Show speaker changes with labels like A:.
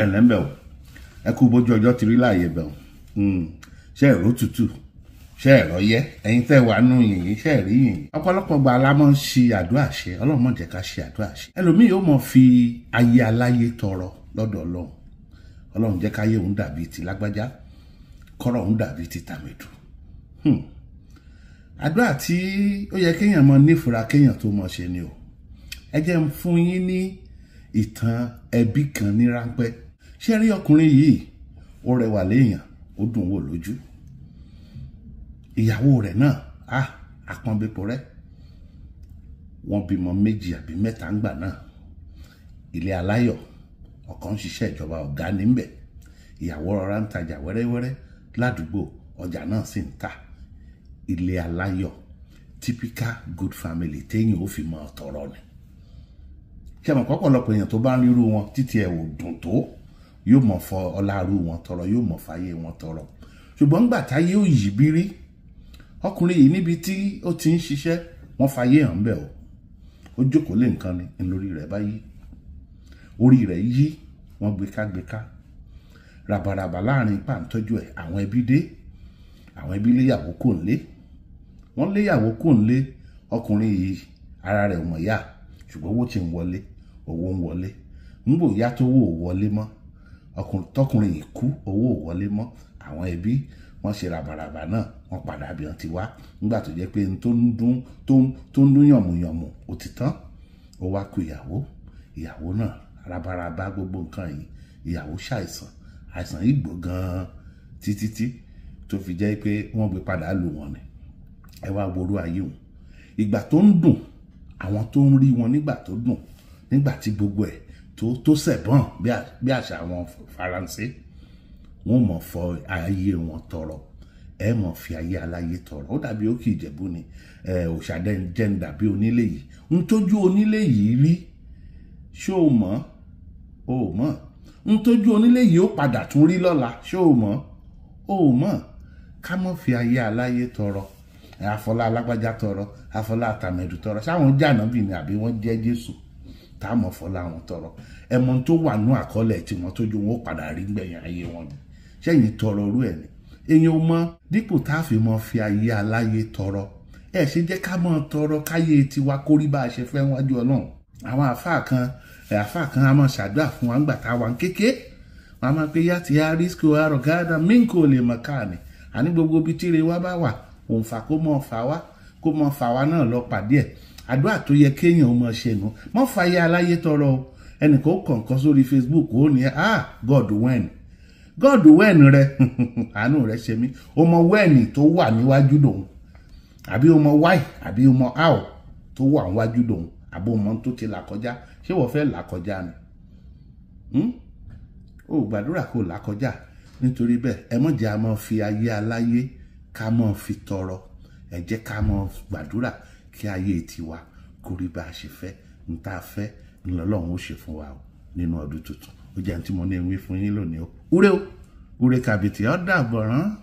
A: ẹ̀lẹ́ ń bẹ̀ o ẹ kú bójú ọjọ́ ti rí láàyè bẹ̀ o hmm. ṣe ẹ̀rọ tútù ṣe ẹ̀rọ yẹ ẹ̀yin tẹ́ wà nù yìnyín ṣe ẹ̀rí yìnyín ọ̀pọ̀lọpọ̀ gba la máa ń ṣe àdúrà ṣe ọlọ́run má jẹ́ ká ṣe àdúrà ṣe ẹlòmíì yóò mọ̀ fi ayé aláyé tọrọ lọ́dọ̀ ọlọ́run ọlọ́run jẹ́ káyé òun dàbí ti lágbájá kọ́rọ̀ òun dàbí ti tàmẹ̀dù hmm. àdúrà tí ó yẹ kéèyàn mọ nífura kéèyàn tó mọ ṣe ni o ẹ jẹ́ ń fún yín ní ìtàn ẹbí kan ní ráńpẹ́ ṣé rí ọkùnrin yìí ó rẹwà léèyàn ó dùn wò lójú ìyàwó rẹ̀ náà a àpọ́nbépo rẹ̀ wọ́n bímọ méjì àbí mẹ́ta ń gbà náà ilé aláyọ̀ ọ̀kan ń ṣiṣẹ́ ìjọba ọ̀gá níbẹ̀ ìyàwó rọra ń tajà wẹ́rẹ́wẹ́rẹ́ ládùúgbò ọjà náà sì ń ta ilé aláyọ̀ typical good family téèyàn ó fi mọ ọ̀tọ̀rọ̀ ni ṣe mọ̀ pọ̀pọ̀lọpọ̀ èèyàn tó bá ń rírú wọn títí ẹ̀ ò dùn tó yóò mọ̀ fọ ọlárú wọn tọrọ yóò mọ̀ fàyè wọn tọrọ ṣùgbọ́n ńgbà táyé ò yí bírí ọkùnrin yìí níbi tí ó ti ń ṣiṣẹ́ wọ́n fàyè hàn bẹ́ẹ̀ o ó jókòó lé nǹkan ni lórí rẹ̀ bá yí orí rẹ̀ yí wọ́n gbékágbéká ràbàràbà láàrin pàǹtọ́jú ẹ̀ àwọn ẹbí dé àwọn ẹbí léyàwó kò ń lé léyàwó kò ń ọkùnrin yìí ara rẹ̀ ò yá ṣùgbọ́n owó ti ń wọlé owó ń wọlé ńgbò yá tówó ò wọlé mọ́ tọkùnrin yìí kú owó ò wọlé mọ́ àwọn ẹbí wọ́n ṣe ràbàràbà náà wọ́n padà bí wọ́n ti wá nígbà tó jẹ́ pé tó ń dún tó ń dún yànmùyànmù ó ti tán ó wá kú ìyàwó ìyàwó náà ràbàràbà gbogbo nǹkan yìí ìyàwó ṣàìsàn àìsàn yìí gbò gan-an títítí tó fi jẹ́ pé wọ́n gbé padà lù wọ́n ni ẹ wá gború ayé òun ìgbà tó ń dùn àwọn tó ń rí wọn nígbà tó dùn nígbà tí gbogbo ẹ̀ tó tó sẹ̀bọ̀n bí àṣà àwọn faransé wọn mọ̀ fọ ayé wọn tọrọ ẹ mọ̀ fi ayé aláyé tọrọ ó dàbí ó kì í jẹ̀bú ni òṣàdẹ́njẹ́ ń dàbí onílé yìí ń tójú onílé yìí rí ṣó o mọ̀ o mọ̀ ń tójú onílé yìí ó padà tún rí lọ́la ṣó o mọ̀ o mọ̀ ká mọ̀ fi ayé aláyé tọrọ àfọlá alágbájá tọrọ àfọlá àtàmẹ̀dù tọrọ ṣáwọn jàǹdà bì ní àbí wọ́n jẹ́ jésù táàmù ọ̀fọ́lá wọn tọrọ ẹmọ tó wà nú àkọọ́lẹ̀ tí wọ́n tójú wọn padà rí gbẹ̀yìn ayé wọn ni ṣẹ́yìn tọrọ orú ẹ̀ ni èèyàn mọ dípò táàfin mọ fi ayé aláyé tọrọ ẹ ṣe jẹ́ ká mọ tọrọ káyé tiwa kórí bá a ṣe fẹ́ wájú ọlọ́run àwọn àfáà kan àfáà kan a mọ ṣàdúrà fún wa ńgbà táwa ń kéke wọn a máa pe yá ti arísíkò arọ̀gáàdà mínkò lè mọ̀ káàní àní gbogbo ibi tí ire wa bá wà òǹfà kó mọ̀ fà wá kó mọ̀ fà wá náà lọ pàdé ẹ̀ àdúrà tó yẹ kéèyàn ó máa ṣe nù mọ́ fàyà aláyé tọrọ o ẹnìkan ó kàn kan sórí Facebook ó ní ah God when God when rẹ àánú rẹ ṣe mí o mọ when tó wà níwájú lòun àbí o mọ why àbí o mọ how tó wà níwájú lòun àbí o mọ tó ti là kọjá ṣé wọ́n fẹ́ là kọjá ni hmm? o gbàdúrà kó là kọjá nítorí bẹ́ẹ̀ ẹ mọ̀ jẹ́ a máa fi ayé aláyé ká máa fi tọrọ ẹ jẹ́ ká máa gbàdúrà kí ayé tiwa kó rí bá a ṣe fẹ́ n tá a fẹ́ ńlọ́lọ́run ó ṣe fún wa o nínú ọdún tuntun ó jẹ́ àǹtí mo ní ewé fún yín lónìí o. Ure o, ure kàbìtì ọ̀dà àbọ̀rán.